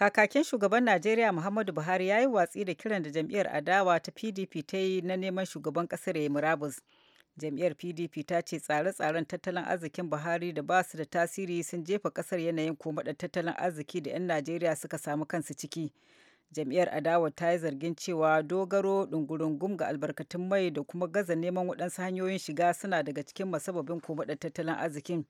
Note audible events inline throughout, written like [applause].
Kakakin shugaban Najeriya Muhammadu Buhari ya yi watsi da kiran da jam'iyyar adawa ta PDP ta yi na neman shugaban ƙasar ya yi murabus. Jam'iyyar PDP ta ce tsare-tsaren tattalin arzikin Buhari da ba su da tasiri sun jefa ƙasar yanayin komaɗar tattalin arziki da 'yan Najeriya suka samu kansu ciki. Jam'iyyar adawa ta yi zargin cewa dogaro ɗungurungum ga albarkatun mai da kuma gaza neman waɗansu hanyoyin shiga suna daga cikin masababin komaɗar tattalin arzikin.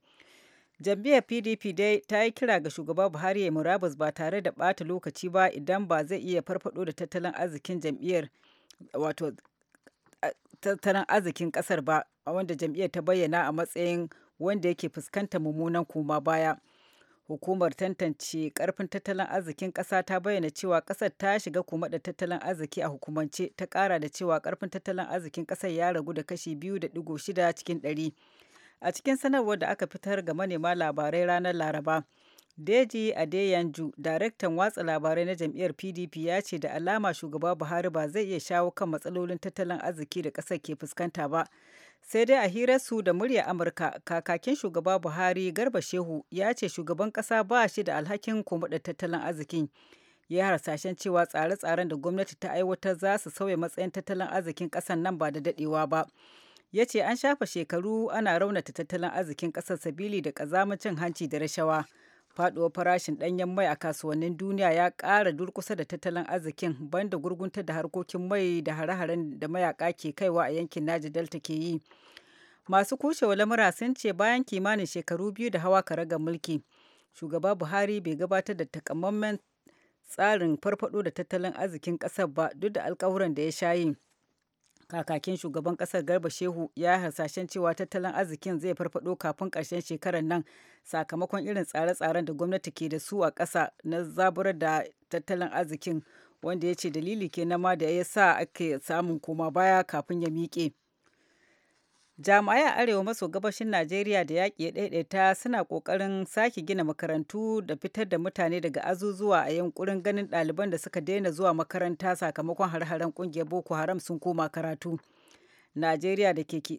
jam'iyyar pdp dai ta yi kira ga shugaba buhari ya murabus ba tare da bata lokaci ba idan ba zai iya farfado da tattalin arzikin jam'iyyar wato tattalin arzikin kasar ba wanda jam'iyyar ta bayyana a matsayin wanda yake fuskantar mummunan koma baya hukumar tantance karfin tattalin arzikin kasa ta bayyana cewa kasar ta shiga kuma da tattalin arziki a hukumance ta kara da cewa karfin tattalin arzikin kasar ya ragu da kashi biyu da digo shida cikin ɗari a cikin sanarwar da aka fitar ga manema labarai ranar laraba deji adeyanju daraktan watsa labarai na jam'iyyar pdp ya ce da alama shugaba buhari ba zai iya shawo kan matsalolin tattalin arziki da ƙasar ke fuskanta ba sai dai a hirarsu da murya amurka kakakin shugaba buhari garba shehu ya ce shugaban ƙasa ba shi da alhakin da tattalin arzikin ya harsashen cewa tsare-tsaren da gwamnati ta aiwatar za su sauya matsayin tattalin arzikin ƙasar nan ba da daɗewa ba ya ce an shafa shekaru ana raunata tattalin arzikin ƙasar sabili da ƙazamin hanci da rashawa faduwar farashin ɗanyen mai a kasuwannin duniya ya ƙara durkusa da tattalin arzikin banda gurgunta da harkokin mai da hare-haren da mayaka ke kaiwa a yankin naji delta ke yi masu kushewa lamura sun ce bayan kimanin shekaru biyu da hawa karaga mulki shugaba buhari bai gabatar da takamaiman tsarin farfado da tattalin arzikin ƙasar ba duk da alkawuran da ya sha yi kakakin shugaban kasar garba shehu ya hasashen cewa tattalin arzikin zai farfado kafin karshen shekarar nan sakamakon irin tsare-tsaren da gwamnati ke da su a ƙasa na zaburar da tattalin arzikin wanda ya ce dalili ke nama da ya sa ake samun koma baya kafin ya miƙe jami'ai a arewa maso gabashin najeriya da yaƙi ya ɗaiɗaita suna ƙoƙarin sake gina makarantu da fitar da mutane daga azuzuwa a yankurin ganin ɗaliban da suka daina zuwa makaranta sakamakon har-haren ƙungiyar boko haram sun koma karatu najeriya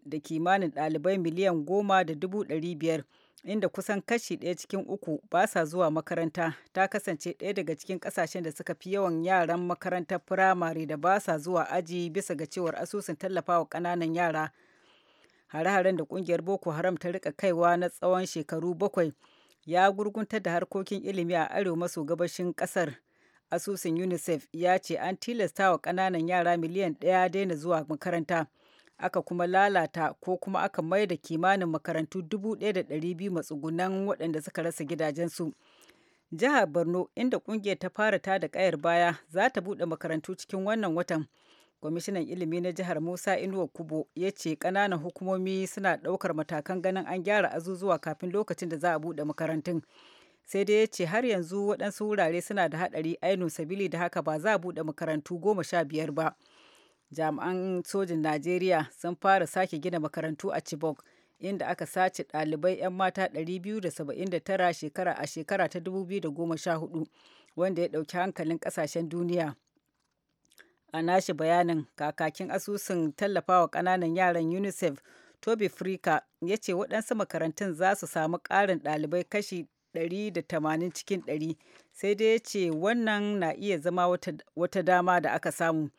da kimanin ɗalibai miliyan goma da dubu ɗari biyar inda kusan kashi ɗaya cikin uku ba sa zuwa makaranta ta kasance ɗaya daga cikin ƙasashen da suka fi yawan yaran makarantar firamare da ba sa zuwa aji bisa ga cewar asusun tallafawa ƙananan yara hare-haren da kungiyar boko haram ta rika kaiwa na tsawon shekaru bakwai ya gurgunta da harkokin ilimi a arewa maso gabashin kasar asusun unicef ya ce an tilasta wa ƙananan yara miliyan ɗaya daina zuwa makaranta aka kuma lalata ko kuma aka mai da kimanin makarantu dubu da biyu matsugunan waɗanda suka rasa gidajensu jihar borno inda ƙungiyar ta fara ta da ƙayar baya za ta buɗe makarantu cikin wannan watan kwamishinan ilimi na jihar musa inuwa kubo ya ce ƙananan hukumomi suna ɗaukar matakan ganin an gyara azuzuwa kafin lokacin da za a buɗe makarantun sai dai ya ce har yanzu waɗansu wurare suna da haɗari ainu sabili da haka ba za a buɗe makarantu goma sha biyar ba jami'an sojin najeriya sun fara sake gina makarantu a chibok inda aka sace ɗalibai 'yan mata 279 shekara a shekara ta 2014 wanda ya ɗauki hankalin ƙasashen duniya a nashi bayanin kakakin asusun tallafawa kananan yaran unicef toby frika ya ce waɗansu makarantun za su samu ƙarin ɗalibai kashi 180 cikin 100 sai dai ya ce wannan na iya zama wata dama da aka samu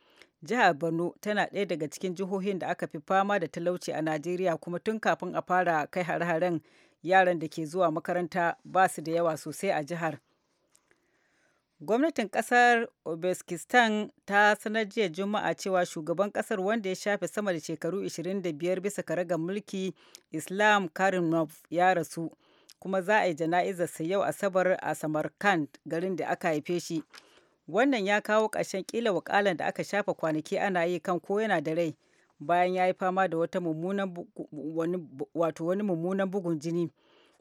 jihar borno tana ɗaya daga cikin jihohin da aka fi fama da talauci a najeriya kuma tun kafin a fara kai hare-haren yaran da ke zuwa makaranta ba su da yawa sosai a jihar Gwamnatin kasar Uzbekistan ta sanar jiya Juma'a cewa shugaban kasar wanda ya shafe sama da shekaru 25 bisa karagar mulki Islam Karimov ya rasu kuma za a yi jana'izarsa yau Asabar a Samarkand garin da aka haife shi. Wannan ya kawo ƙarshen ƙila wakalan da aka shafa kwanaki ana yi kan ko yana da rai bayan ya yi fama da wata wani mummunan bugun jini.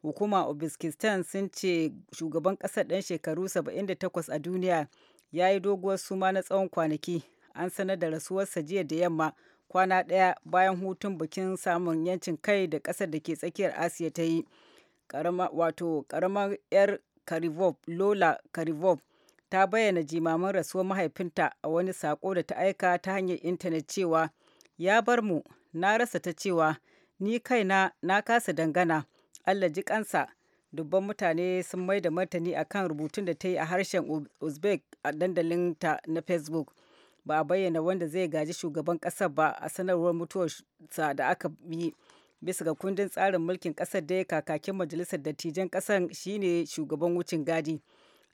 hukuma uzbekistan sun ce shugaban ƙasar ɗan shekaru 78 a duniya ya yi doguwar suma na tsawon kwanaki an sanar da rasuwarsa jiya da yamma kwana ɗaya bayan hutun bikin samun yancin kai da ƙasar da ke tsakiyar asiya ta yi wato ƙaramar 'yar karivov lola karivov ta bayyana jimamin rasuwar mahaifinta a wani sako da ta aika ta hanyar intanet cewa ya bar mu na rasa ta cewa ni kaina na kasa dangana Allah ji kansa dubban mutane sun mai da martani kan rubutun da ta yi a harshen uzbek a dandalin ta na facebook ba a bayyana wanda zai gaji shugaban kasar ba a sanarwar mutuwarsa da aka yi bisa ga kundin tsarin mulkin kasar da ya kakakin majalisar dattijan kasar shine shugaban wucin gadi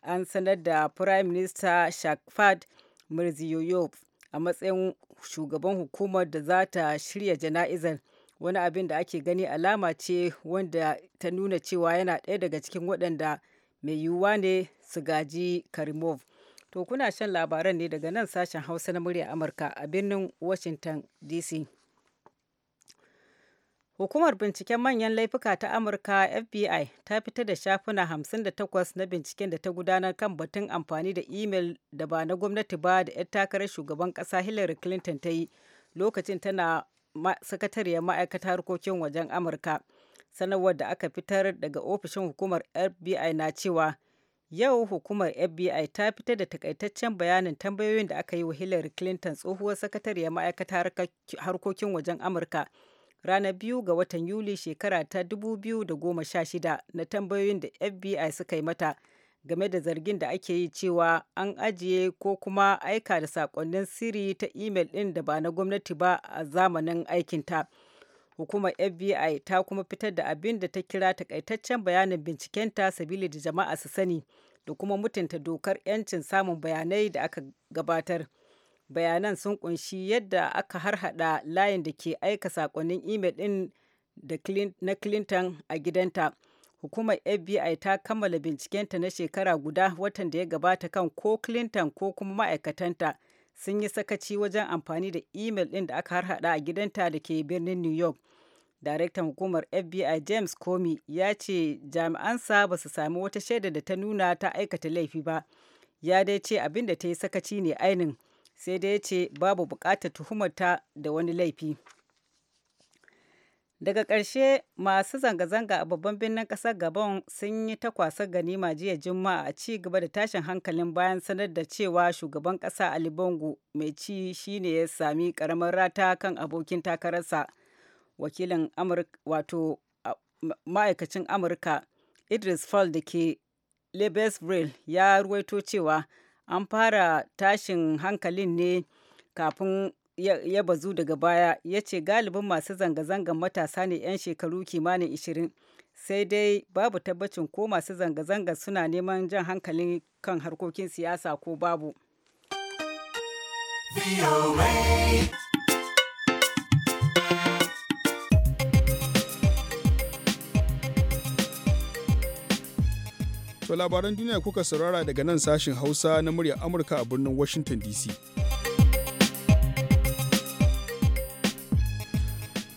an sanar da prime minister shakfad Mirziyoyov a matsayin shugaban hukumar da za ta shirya jana'izar wani abin da ake gani alama ce wanda ta nuna cewa yana ɗaya daga cikin waɗanda mai yiwuwa ne su gaji karimov to kuna shan labaran ne daga nan sashen hausa na murya amurka a birnin washington dc Hukumar binciken manyan laifuka ta Amurka FBI ta fita da shafuna 58 na binciken da ta gudanar kan batun amfani da imel da ba na gwamnati ba da 'yar takarar shugaban kasa Hillary Clinton ta yi lokacin tana sakatariyar ma'aikatar harkokin wajen amurka sanarwar da aka fitar daga ofishin hukumar fbi na cewa yau hukumar fbi ta fitar da takaitaccen bayanin tambayoyin da aka yi wa hillary clinton tsohuwar sakatariyar ma'aikatar harkokin wajen amurka ranar biyu ga watan yuli shekara ta 2016 na tambayoyin da fbi suka yi mata game da zargin da ake yi cewa an ajiye ko kuma aika da sakonnin siri ta imel ɗin da ba na gwamnati ba a zamanin aikinta. Hukumar FBI ta kuma fitar da abin da ta kira takaitaccen bayanin bincikenta sabili da jama'a su sani da kuma mutunta dokar 'yancin samun bayanai da aka gabatar. Bayanan sun kunshi yadda aka harhaɗa layin da ke aika sakonnin imel ɗin na Clinton a gidanta. hukumar fbi ta kammala bincikenta na shekara guda watan da ya gabata kan ko clinton ko kuma ma'aikatanta sun yi sakaci wajen amfani da imel ɗin da aka harhaɗa a gidanta da ke birnin new york daraktan hukumar fbi james comey ya ce jami'ansa ba su sami wata shaida da ta nuna ta aikata laifi ba ya dai ce abin da ta yi sakaci ne ainin sai dai ya ce babu bukatar tuhumarta da wani laifi daga ƙarshe masu zanga-zanga a babban birnin ƙasar gabon sun yi ta kwasar ganima jiya juma'a a ci gaba da tashin hankalin bayan sanar da cewa shugaban ƙasa ali bongo mai ci shine ya sami ƙaramin rata kan abokin takararsa wakilin wato ma'aikacin amurka idris fall da ke lebesville ya ruwaito cewa an fara tashin hankalin ne kafin ya bazu daga baya ya ce galibin masu zanga zangan matasa ne 'yan shekaru kimanin 20 sai dai babu tabbacin ko masu zanga zanga suna neman jan hankalin kan harkokin siyasa ko babu. To labaran duniya kuka saurara daga nan sashin Hausa na muryar Amurka a birnin Washington DC.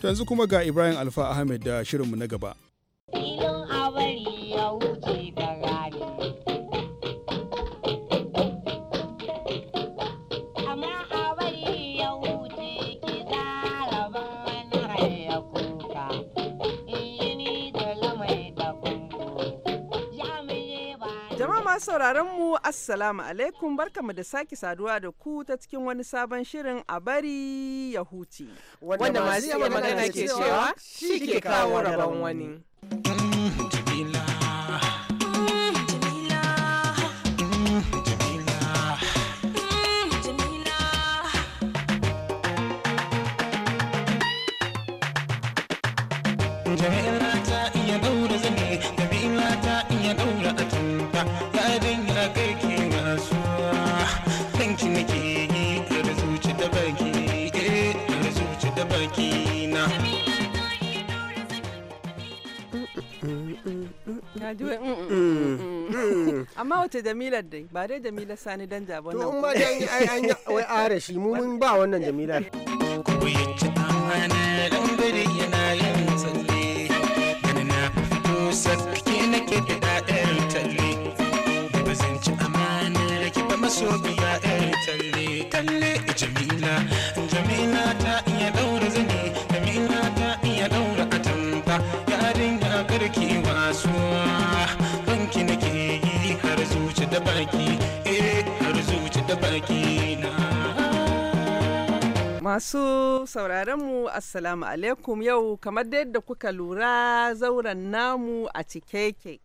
yanzu kuma ga Ibrahim Alfa Ahmed da shirinmu na gaba. Jama'a masu sauraron mu Assalamu alaikum barkamu da sake saduwa da ku ta cikin wani sabon shirin a bari ya huce. Wanda masu iya magana ke cewa shi ke kawo rabon wani. ya mm, mm, mm, [laughs] amma wace jamilar dai ba dai jamilar sani dan jabo to in ma dan ai an wai are mu mun ba wannan jamilar ku yi ci amana Masu sauraronmu Assalamu alaikum yau kamar da yadda kuka lura zauren namu a cikeke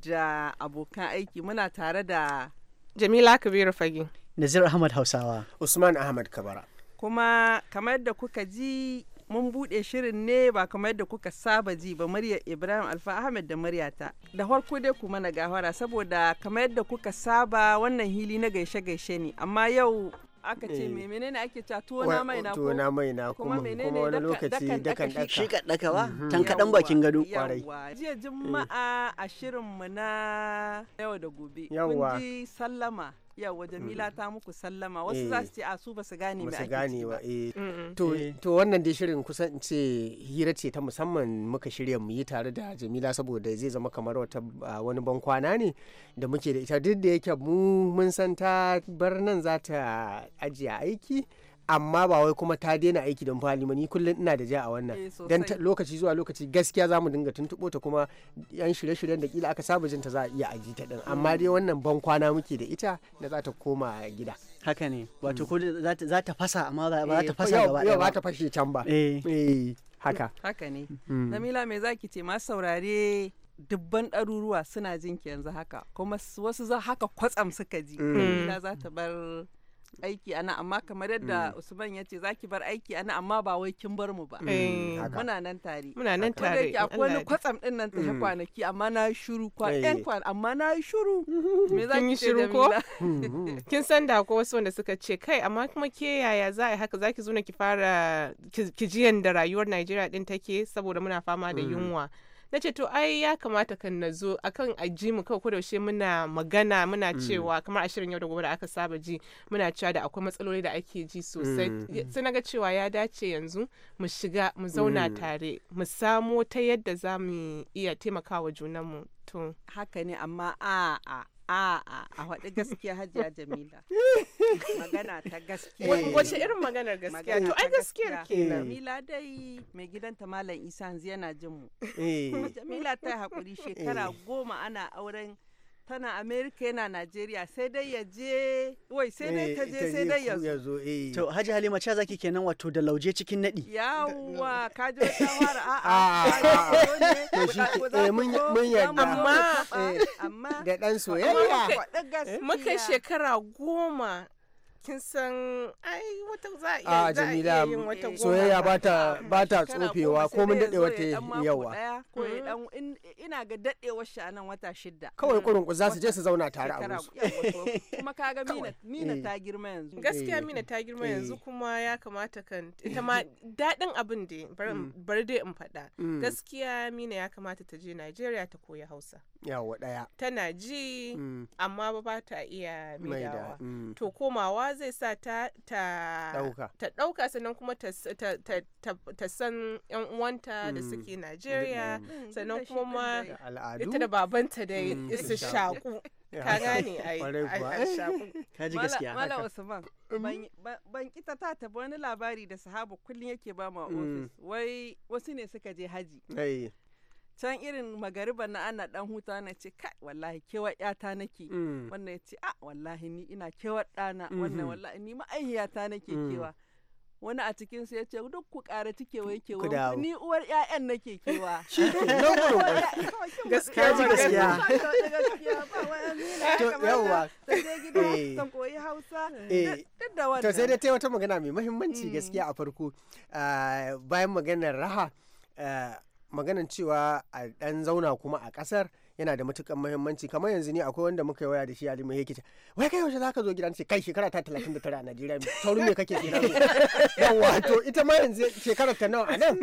da abokan aiki muna tare da Jamila Kabiru Fagi. Nazir Ahmad Hausawa. Usman Ahmad Kabara. Kuma kamar da kuka ji mun buɗe shirin ne ba kamar yadda kuka saba ji ba murya Ibrahim Alfa Ahmed da muryata. Da farko dai kuma na gahara saboda kamar yadda kuka saba wannan hili na gaishe-gaishe ne amma yau aka ce me eh. menene ake ta tona mai na tona mai na kuma menene wani lokaci dakan daka shi ka daka ba tan kadan bakin gado kwarai jiya mm. juma'a a shirin mu na yau da gobe kun ji sallama yawa jamila ta muku sallama wasu za eh. su ce a su ba su gane ba gane ba eh. eh. to wannan dai shirin kusan ce hira ce ta musamman muka shirya mu yi tare da jamila saboda zai zama kamar wata wani bankwana ne da muke da ita duk da yake mu mun san ta bar nan za ta ajiye aiki amma ba wai kuma ta daina aiki don fali ni kullum ina da ja a wannan eh, dan lokaci zuwa lokaci gaskiya za mu dinga tuntuɓo ta kuma yan shirye-shiryen da kila aka saba jinta za a iya aji ta din amma mm. dai wannan ban kwana muke da ita da za ta koma gida haka ne mm. wato ko za ta fasa amma ba za ta eh, fasa gaba ɗaya ba ta fashe can ba eh. haka [laughs] haka ne mm. Namila me zaki ce ma saurare dubban ɗaruruwa suna jinki yanzu haka kuma wasu za haka kwatsam suka ji Namila za ta bar aiki ana amma kamar yadda mm. Usman ya ce zaki bar aiki ana amma ba wai kin bar mu ba. Mm, mm, muna nan tare. Muna nan tare. Kuma akwai wani kwatsam din nan ta kwanaki amma na shiru kwa ɗan eh. kwan amma na shiru. [laughs] Me za ki shiru ko? [laughs] Kin san da ko wasu wanda suka ce kai amma kuma ke yaya za a haka zaki zo na ki fara ji yanda rayuwar Najeriya din take saboda muna fama da yunwa. na ce to ai ya kamata kan na zo akan aji mu kawai kodaushe muna magana muna mm. cewa kamar a shirin yau da gobe da aka saba ji muna cewa da akwai matsaloli da ake ji sosai mm. sai na ga cewa ya dace yanzu mu shiga mu zauna mm. tare mu samo ta yadda za mu iya taimakawa junanmu to haka ne amma a a a a a faɗi gaskiya hajiya jamila [laughs] magana ta gaskiya wace irin maganar gaskiya to ai gaskiyar ke jamila dai mai gidanta malam isa yanzu yana jin mu eh. jamila ta hakuri shekara eh. goma ana auren tana amerika yana nigeria. sai dai ya je wai sai dai ta je eh, sai dai ya zo eh. to haji halima cha zaki kenan wato da lauje cikin nadi yawa ka ji wata fara a a amma eh, amma dan soyayya muka shekara goma kin san ai wata za a iya yin wata eh, goma soyayya ba ta tsofewa ko mun dade wata yawa ko ya dan mm-hmm. ina ga dadewar shi nan wata shida kawai mm. kurun za su je su zauna tare a musu kuma kaga mina mina eh. ta girma yanzu gaskiya eh. mina ta girma yanzu kuma ya kamata kan ita ma [laughs] dadin abin da bar mm. dai in faɗa mm. gaskiya mina ya kamata ta je Najeriya ta koyi Hausa yawa ɗaya tana ji mm. amma ba ta iya maidawa mm. to komawa zai sa ta ta ɗauka sannan kuma ta, ta, ta, ta san yan uwanta da mm. suke mm. Najeriya mm. sannan kuma ma ita da babanta da isa shaku ka gane ai [laughs] ka ji gaskiya mala usman ban kita ta tabi wani labari da sahaba kullum yake ba ma ofis wai wasu ne suka je haji can irin magariba na ana dan huta na ce kai wallahi kewar yata nake mm. wannan ya ce a wallahi ni ina kewar ɗana wannan mm-hmm. wallahi ni ma'aihiyata nake mm. kewa wani a cikin su ya ce duk ku ƙara cikewa yake kewa ni uwar ƴaƴan nake kewa [laughs] shi ke nan gurin gaskiya ji gaskiya [laughs] to yawa eh. ta koyi hausa eh. duk da wannan to sai dai ta wata magana mai muhimmanci mm. gaskiya a farko ah, bayan maganar raha ah, maganan cewa a ɗan zauna kuma a ƙasar yana da matukan muhimmanci kamar yanzu ne akwai wanda muka yi waya da shi alimu ya kice wai kai yaushe zaka zo gidan ce kai shekara ta 39 a Najeriya mai tauri me kake ke [laughs] yawa to ita ma yanzu shekara ta nawa a nan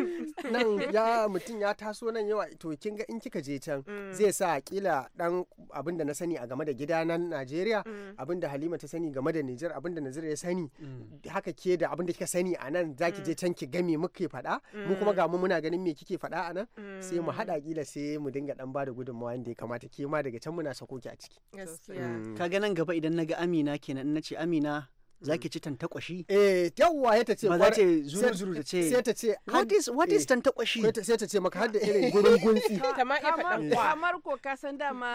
nan ya mutum ya taso nan yawa to kin ga in kika je can mm. zai sa kila dan abin da na sani a game da gida na Najeriya mm. abin da Halima ta sani game da Nijar abin da Nazir ya sani mm. haka ke da abin da kika sani a nan zaki je can ki mu muke faɗa mu kuma ga mu muna ganin me kike faɗa a nan sai mu haɗa kila sai mu dinga dan ba da gudunmawa da ya kamata ke ma daga can muna sako ki a ciki mm. ka ga nan gaba idan ga amina kenan na ce amina za ki ci tantakwashi eh yawwa ya ta ce ba za ta zuru zuru ta ce sai ta ce what is eh, tantakwashi sai ta ce maka har da [laughs] irin gurin gunsi [laughs] kamar kamar ko ka san dama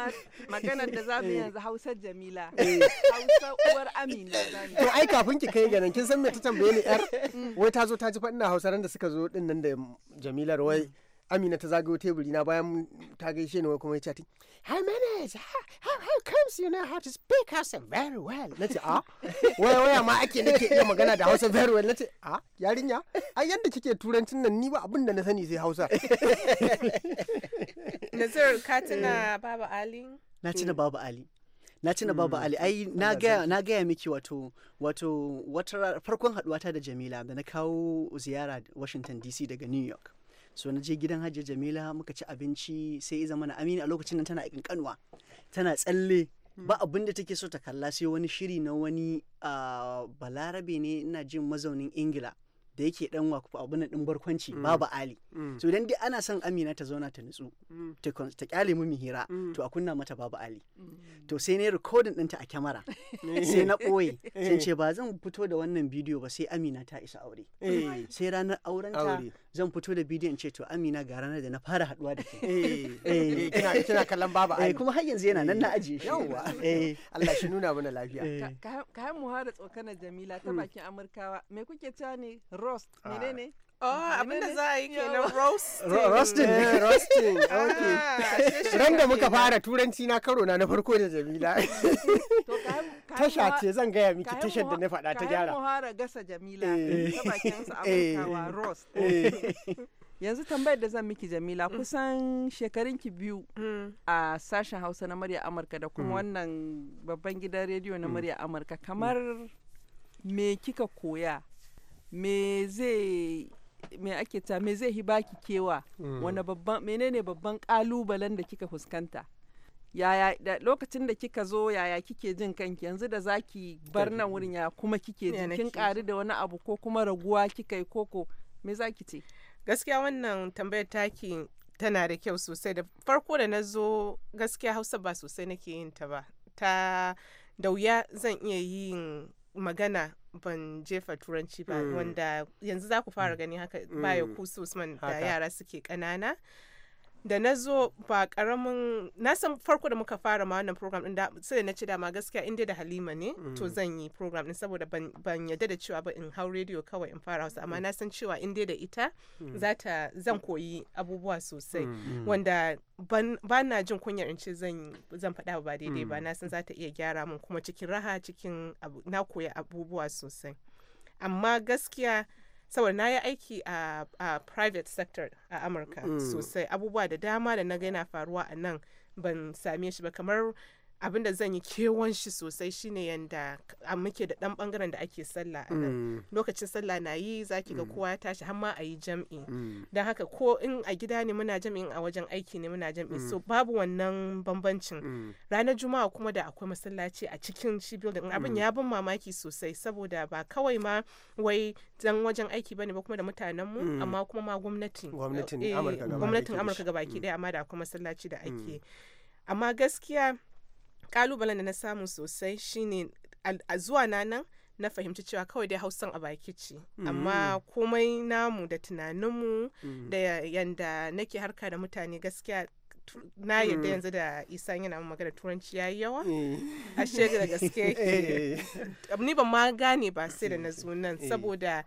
maganar da zamu eh. yanzu Hausa Jamila [laughs] eh. Hausa uwar Amina to ai kafin ki kai ganin kin san me ta tambaye ni yar mm. wai ta zo ta ji faɗin Hausa ran da suka zo din nan da Jamila wai mm. amina ta zagayo teburi na bayan ta gaishe ni kuma ya ce hi ha how, how comes you know how to speak hausa very well na ce ah waya waya ma ake nake iya magana da hausa very well na ce ah yarinya ai yadda kike turancin nan ni ba abin da na sani sai hausa [laughs] nazar ka tuna baba ali na tuna mm. baba ali na tuna mm. baba ali ai na gaya na ga miki wato wato wata farkon haduwata da jamila da na kawo ziyara washington dc daga new york so na je gidan hajji jamila muka ci abinci sai iza na amina a lokacin nan tana kanwa tana tsalle ba abin da take so ta kalla sai wani shiri na wani balarabe ne ina jin mazaunin ingila da yake dan wakufa abin din barkwanci mm. babu ali mm. so idan dai ana son amina ta zauna ta nutsu mm. ta kyale mu hira to a kunna mata babu ali to sai ne recording ta a kyamara eh. sai na ɓoye [laughs] eh. sai ce ba zan fito da wannan bidiyo ba sai amina ta isa aure eh. sai ranar aurenta zan fito da bidiyon ce to amina ga ranar da na fara haduwa da ke eh, [laughs] eh. Eh, kina kallon baba ai kuma har yanzu yana nan na ajiye shi yawa Allah shi nuna mana lafiya ka mu har tsokana jamila ta hmm. bakin amurkawa me kuke ta ne roast ah. menene Oh, abinda za a yi kenan roasting. Roasting, roasting, [laughs] ah, okay. Ran da muka fara turanci na karo na na farko da Jamila. To, tasha ce zan gaya miki tashar da na faɗa ta gyara kayan muhara gasa jamila eh. ta bakin su [laughs] eh. amurkawa ross [laughs] eh. [laughs] yanzu tambayar da zan miki jamila mm. kusan shekarunki biyu mm. a sashen hausa na murya amurka da kuma mm. wannan babban gidan rediyo na murya amurka kamar me kika koya me zai me ake ta me zai hibaki kewa wani babban menene babban kalubalen da kika fuskanta yaya da lokacin da kika zo yaya kike jin kanki yanzu da zaki bar nan wurin ya kuma kike jin kin ƙari da wani abu ko kuma raguwa kika yi koko me zaki ce gaskiya wannan tambayar taki tana da kyau sosai da farko da na zo gaskiya hausa ba sosai nake yin ta ba ta da wuya zan iya yin magana ban jefa turanci ba hmm. wanda yanzu za ku fara hmm. gani haka Ba baya hmm. kusa usman da yara suke ƙanana da na zo ba karamin na san farko da muka fara ma wannan program din sai na ci dama gaskiya inda da halima ne to mm. zan yi program din saboda ban yadda da cewa ba in hau radio kawai in fara hausa amma na san cewa inda da ita mm. Za ta zan koyi abubuwa sosai mm. wanda ba na jin kunyar in ce zan zan faɗa ba daidai ba na san za ta iya gyara mun kuma cikin raha cikin na koyi abubuwa sosai amma gaskiya saboda na yi aiki a, private sector a amurka mm. sosai abubuwa da dama da na ga yana faruwa a nan ban same shi ba kamar abin da zan yi kewan shi sosai shine yanda a muke da dan bangaren da ake sallah a nan mm. lokacin sallah na yi zaki ga mm. kowa ya tashi har ma a yi jam'i mm. don haka ko in a gida ne muna jam'in a wajen aiki ne muna jam'i so babu wannan bambancin ranar juma'a kuma da akwai masallaci a cikin shi building abin ya bin mamaki sosai saboda ba kawai ma wai dan wajen aiki bane ba kuma da mutanen mu amma kuma ma gwamnatin gwamnatin eh, Amurka gaba ki daya amma da akwai masallaci da ake amma gaskiya kalubalen da na samu sosai shine a zuwa na nan na fahimci cewa kawai dai hausan a baki ce amma mm. komai namu da tunaninmu mm. da yanda nake harka da mutane gaskiya na mm. yadda yanzu da isa yana magana turanci ya yi yawa eh. a da gaske [laughs] eh. ni ban ma gane ba sai da na zo nan eh. saboda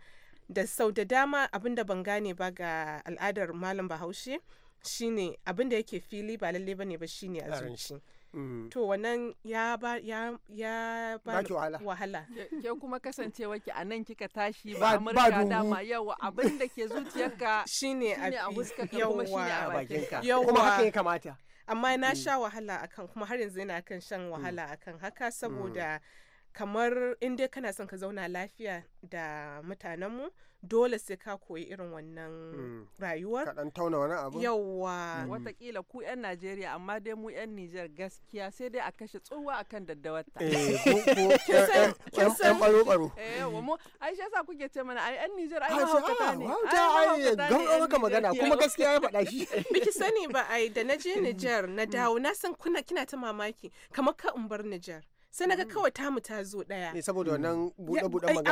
da sau da dama abin ban gane ba ga al'adar malam bahaushe shine abin da yake fili ba lalle ba ne ba shine a zuci Mm. to wannan ya ba ya ya ba wahala ke kuma kasancewa ki a nan kika tashi ba amurka dama yawa abin da ke zuciyarka [laughs] shine a fuskarka kuma shine a bakinka kuma haka ya kamata amma na mm. sha wahala akan kuma har yanzu yana kan shan wahala akan haka mm. saboda mm. kamar in dai kana son ka zauna lafiya da mutanenmu dole sai ka koyi irin wannan mm. rayuwar kaɗan tauna wani abu yawwa hmm. watakila ku 'yan najeriya amma dai mu 'yan nijar gaskiya sai dai a kashe tsohuwa a kan daddawarta yan eh, [laughs] ɓaro-ɓaro eh, ai shi yasa kuke ce mana ai 'yan nijar ah, ai mahaukata ne ai gaura maka magana kuma gaskiya ya faɗa shi [laughs] biki sani ba ai da na je hmm. nijar na dawo na san kuna kina ta mamaki kamar ka in bar nijar sai naga mm. kawai tamu ta zo daya ne eh, saboda mm. wannan bude bude komai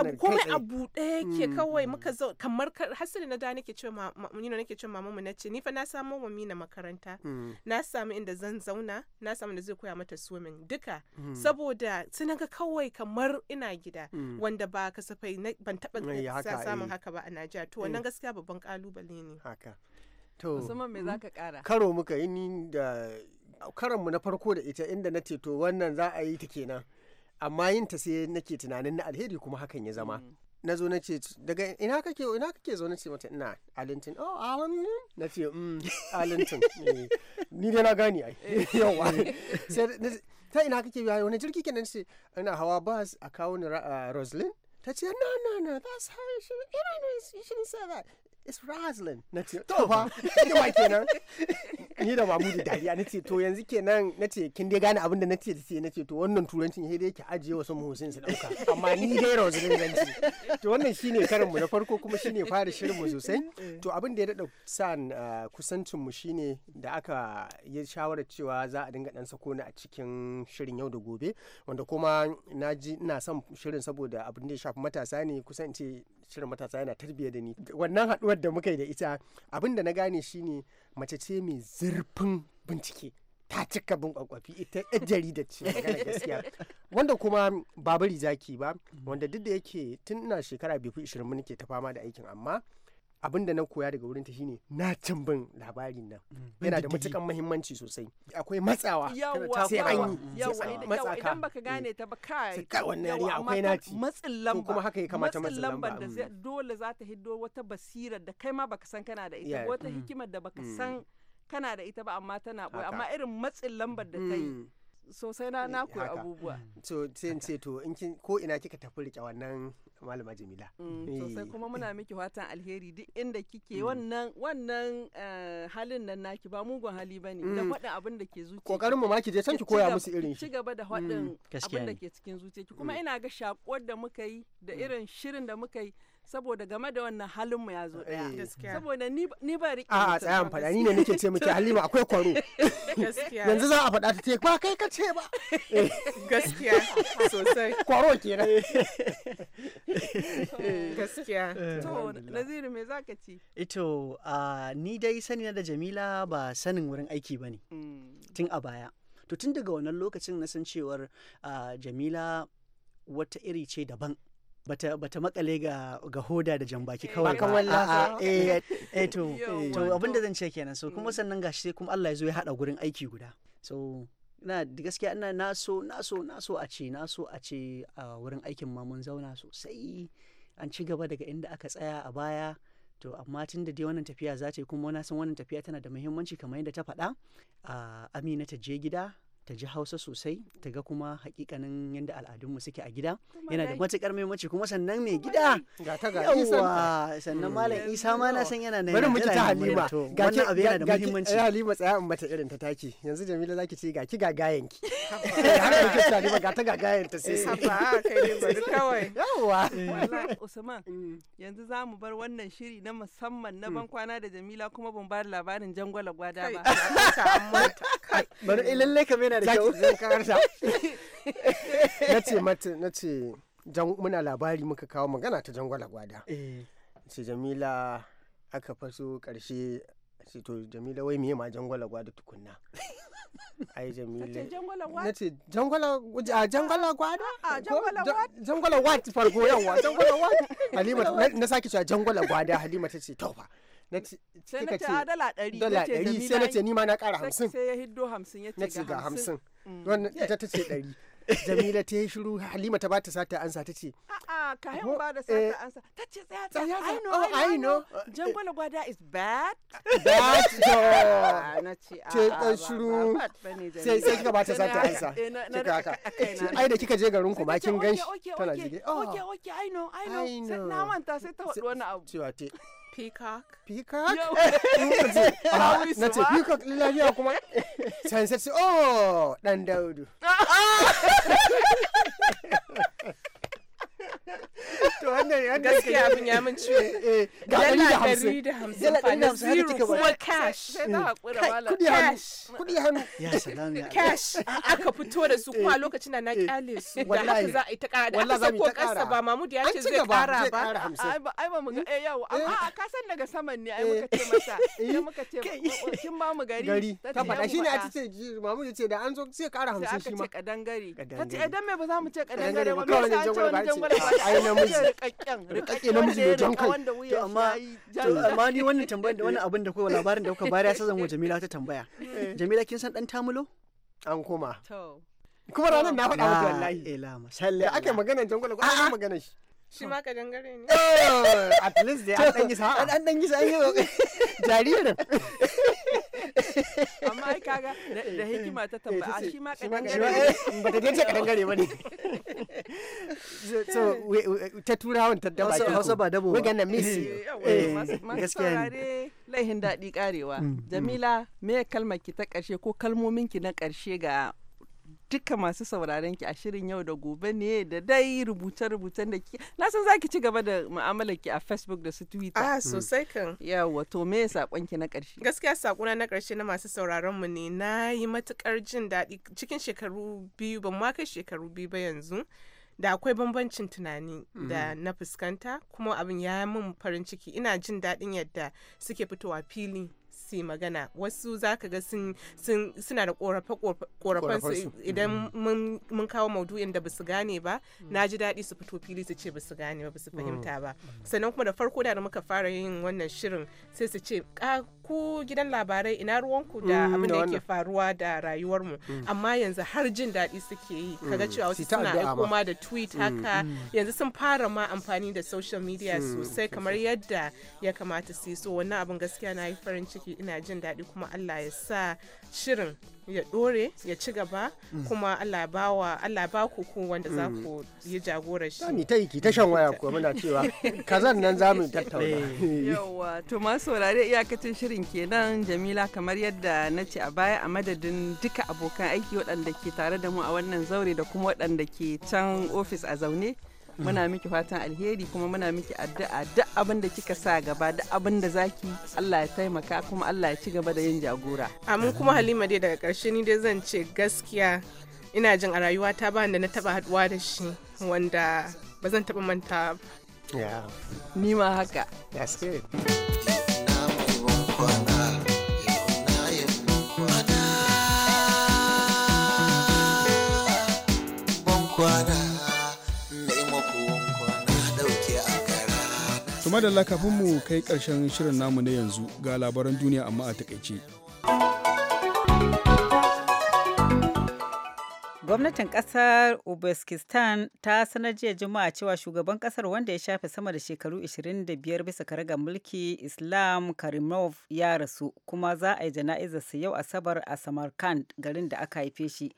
a bude yake mm. kawai muka zo kamar hasali na da nake cewa ni nake cewa mu nace ni fa na samu mami na makaranta na samu inda zan zauna na samu da zai koya mata swimming duka saboda sai naga kawai kamar ina gida wanda ba kasafai ban taba samun eh. haka ba a Najeriya to eh. wannan gaskiya babban kalubale ne haka to musamman me zaka kara karo muka yi da mu na farko da ita inda na to wannan za a yi ta kenan amma yin ta sai nake tunanin na alheri kuma hakan ya zama mm. na zo na ce daga ina kake ina kake zo na ce mata ina alintin oh Arlington na ce um mm, alintin [laughs] eh, ni dai na gane ai eh. [laughs] yawa sai ta ina kake biya wani jirgi kenan ce ina hawa bus a kawo ni Roslyn ta ce na, na, na that's how you should you know you shouldn't say that is Rosalind. na ce to fa [laughs] ni wa kenan ni da mamu da dariya na ce to yanzu kenan na ce kin dai gane abin da na ce ce na ce to wannan turancin ya dai ki ajiye wasu muhusin su dauka amma ni dai Rosalind zan ce to wannan shi ne karinmu na farko kuma shi ne fara shirinmu sosai to abin da ya daɗa sa ah, kusancin mu ne da aka yi shawarar cewa za a dinga ɗan sako ni a cikin shirin yau da gobe wanda kuma na ji ina son shirin saboda abin da ya shafi matasa ne kusan ce shirin matasa yana tarbiyya da ni wannan haɗuwar da muka yi da ita abin da na gane shine mace ce mai zurfin bincike ta cika bin kwakwafi ita yar jarida ce magana gaskiya wanda kuma ba bari zaki ba wanda duk da yake tun ina shekara bai fi 20 ke ta fama da aikin amma abin da na koya daga wurinta shine na can bin labarin nan mm. yana da matukan muhimmanci sosai akwai matsawa sai an yi matsa ka idan baka gane eh. ta ba kai ka wannan yari akwai naci matsin lamba kuma haka ya kamata matsin lamba da mm. dole za ta hiddo wata basira da kai ma baka san kana da ita wata mm. hikimar da baka san kana da ita ba amma tana boye amma irin matsin lambar da ta yi sosai na na eh, koyi abubuwa. So sai ce to in ko ina kika tafi rike wannan malama jamila mm, sosai kuma muna eh. miki watan alheri duk mm. inda kike wannan wannan eh, halin nan naki ba mugun hali bane da mm. faɗin abin da ke zuciya kokarin mu ma ki je can ki koya musu irin shi ci gaba da faɗin abin da ke cikin zuciya kuma ina ga shakuwar da muka yi da irin shirin da muka yi saboda game da wannan halin mu ya zo daya eh. saboda ni ba riƙe a tsayan fada ni ne nake ce miki halima akwai kwaro [laughs] yanzu za a faɗa ta ce ba kai ka ce ba [laughs] gaskiya sosai kwaro kenan [laughs] gaskiya eh. to naziru me zaka ci ito ni dai sani na da jamila ba sanin wurin aiki bane mm. tun a baya to tun daga wannan lokacin na san cewar jamila wata iri ce daban bata bata makale ga hoda da jambaki eh, kawai ba a eh, eh, [laughs] to to abinda zan ce kenan so kuma mm. sannan gashi sai kuma Allah ya zo ya hada gurin aiki guda so na gaskiya ina na so na so na so a ce na so a ce a wurin aikin ma mun zauna sosai an ci gaba daga inda aka tsaya a baya to amma tun da dai wannan tafiya za ta yi kuma na san wannan tafiya tana da muhimmanci kamar yadda ta faɗa a ah, amina ta je gida ta ji hausa sosai ta ga kuma hakikanin yadda al'adunmu suke a gida yana da matukar mai mace kuma sannan mai gida Ga ta yawa sannan hmm. malam isa ma na san yana na bari mu ta halima wannan abu yana da muhimmanci ya eh, halima tsaya in mata irin ta taki yanzu jamila zaki ce ga ki ga gayen ki har da kike halima ga ta ga gayen ta eh, [laughs] sai sai kai ne kawai yawa [laughs] usman hmm. yanzu za mu bar wannan shiri na musamman na hmm. ban kwana da jamila kuma ban ba da labarin jangwala gwada ba [laughs] [laughs] bari eh lalle [laughs] na da kyau zan karanta ce mata ce muna labari muka kawo magana ta jangwala gwada ce eh. Jamila aka faso karshe ce to Jamila wai miye ma jangwala gwada tukunna [laughs] ai jamila na ce jangwala a jangwala gwada a jangwala gwada farko yawa jangwala gwada halima na sake cewa jangwala gwada halima ta ce taufa sai na ce a ah, dala ɗari dala ɗari sai na ce ni ma na ƙara hamsin sai ya hiddo hamsin ya ce ga hamsin mm. wannan ita ta ce ɗari [laughs] jamila ta yi shiru halima ta bata sata ansa ta ce a'a ka hin ba da eh, sata ansa ta ce tsaya [laughs] ta i know i know jangwala gwada is bad bad to na ce a ta shiru sai sai kika bata sata ansa kika haka ai da kika je garin ku ma kin ganshi tana jige okay okay i know i know sai na manta sai ta wani abu cewa te Peacock. Peacock? Yo. [laughs] ah, na ce Peacock lafiya kuma can sai ce oh dan Daudu. [laughs] [laughs] to wannan yadda gaskiya abin ya min ciwo eh, eh, dala dari da hamsin fana zero kuma cash mm. kudi hannu kudi hannu ya salam ya cash [laughs] aka fito da su kuma eh, lokacin da na kyale su da haka za a yi ta kara da aka sako kasa ba mahmud ya ce zai kara ba ai ba mu ga yau amma a ah, kasan daga saman ne ai muka ce masa ya [laughs] muka ce oh, oh, kin ba mu gari gari ta faɗa shine a ce mahmud ya ce da an zo sai kara hamsin shi ma ta ce kadangare ta ce idan me ba za mu ce kadangare ba me yasa an ce wani jangwale ba ai namiji rikakken namiji mai jan kai to amma to amma ni wannan tambayar da wannan abin da kowa labarin da kuka bayar ya sazan wa Jamila ta tambaya eh. Jamila kin san dan tamulo an koma kuma ranar na faɗa maka wallahi eh la ake maganar jangwala ko ana magana shi shi ma ka ne eh, at least dai an dan [laughs] an dan yi [laughs] jaririn [laughs] amma ai kaga da hikima ta tambaya eh, a shi ma kadangare ba ta dace kadangare ba ne [laughs] so ta turawan ta daba ta hausa ba dabo wagana misi [laughs] eh, gaskiya ne laihin daɗi karewa mm, mm. jamila me kalmar ki ta ƙarshe ko kalmomin ki na ƙarshe ga duka masu sauraron ki a shirin yau da gobe ne da dai rubuce-rubucen da ki na san zaki ci gaba da mu'amalar ki a Facebook da su Twitter. Ah sosai kan. Yawa to me sakon ki na karshe? Gaskiya sakuna na karshe na masu sauraron mu ne na yi matukar jin daɗi cikin shekaru biyu ban ma kai shekaru biyu ba yanzu. da akwai bambancin tunani da mm. na fuskanta kuma abin ya min farin ciki ina jin daɗin yadda suke fitowa fili su yi magana wasu za ka ga suna da korafe su idan mm-hmm. mun kawo maudu'in da basu gane ba mm. na ji daɗi su fito fili su ce basu gane ba basu fahimta mm. ba sannan kuma da farko da muka fara yin wannan shirin sai su ce ku gidan labarai ina ruwanku da mm, abin da yake faruwa da rayuwarmu amma yanzu har jin daɗi suke yi kaga cewa wasu suna aiko ma da tweet haka yanzu sun fara ma amfani da social media sosai kamar yadda ya kamata su yi so wannan abin gaskiya na yi farin ciki ina jin daɗi kuma Allah ya sa shirin ya ɗore ya ci gaba mm. kuma Allah ba wa Allah ba ku ku wanda za mm. ku yi jagorar shi. Ni ta ta shan waya ko muna cewa [laughs] kazan nan za mu tattauna. Eh. Yawwa to ma saurare iyakacin shirin kenan Jamila kamar yadda na ce a baya a madadin duka abokan aiki waɗanda ke tare da mu a wannan zaure da kuma waɗanda ke can ofis a zaune. muna miki fatan alheri kuma muna miki addu'a duk abin da kika sa gaba duk abin da zaki Allah ya taimaka kuma Allah ya ci gaba da yin jagora amin kuma Halima dai daga karshe ni dai zan ce gaskiya ina jin a rayuwa ta ba da na taba haduwa da shi wanda ba zan taba manta ni ma haka that's kuma da lakafin mu kai karshen shirin namu na yanzu ga labaran duniya amma a takaice. Gwamnatin kasar Uzbekistan ta sanar jiya Juma'a cewa shugaban kasar wanda ya shafe sama da shekaru 25 bisa kare ga mulki Islam Karimov ya rasu kuma za a yi jana'izarsa yau Asabar a Samarkand garin da aka haife shi.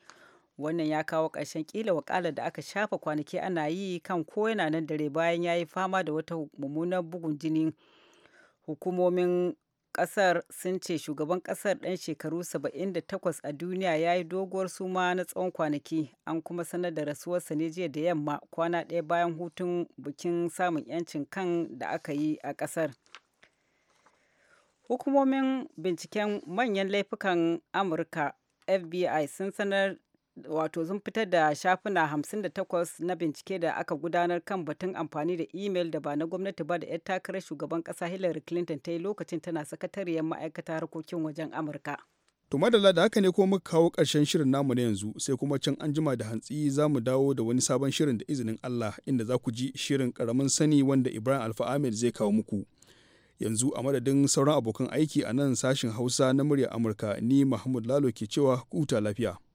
wannan ya kawo ƙarshen kila wakala da aka shafa kwanaki ana yi kan ko yana nan dare bayan ya yi fama da wata mummunar bugun jini hukumomin ƙasar sun ce shugaban ƙasar ɗan shekaru 78 a duniya ya yi doguwar suma na tsawon kwanaki an kuma sanar da rasuwarsa ne jiya da yamma kwana ɗaya bayan hutun bikin samun 'yancin kan da aka yi a ƙasar hukumomin binciken manyan laifukan amurka fbi sun sanar wato sun fitar da shafuna hamsin da 58 na bincike da aka gudanar kan batun amfani da imel da ba na gwamnati ba da 'yar takarar shugaban kasa hillary clinton ta yi lokacin tana sakatariyar ma'aikata harkokin wajen amurka to madalla da haka ne ko muka kawo ƙarshen shirin namu na yanzu sai kuma can an jima da hantsi za mu dawo da wani sabon shirin da izinin allah inda za ku ji shirin karamin sani wanda ibrahim alfa ahmed zai kawo muku yanzu a madadin sauran abokan aiki a nan sashin hausa na murya amurka ni mahmud lalo ke cewa kuta lafiya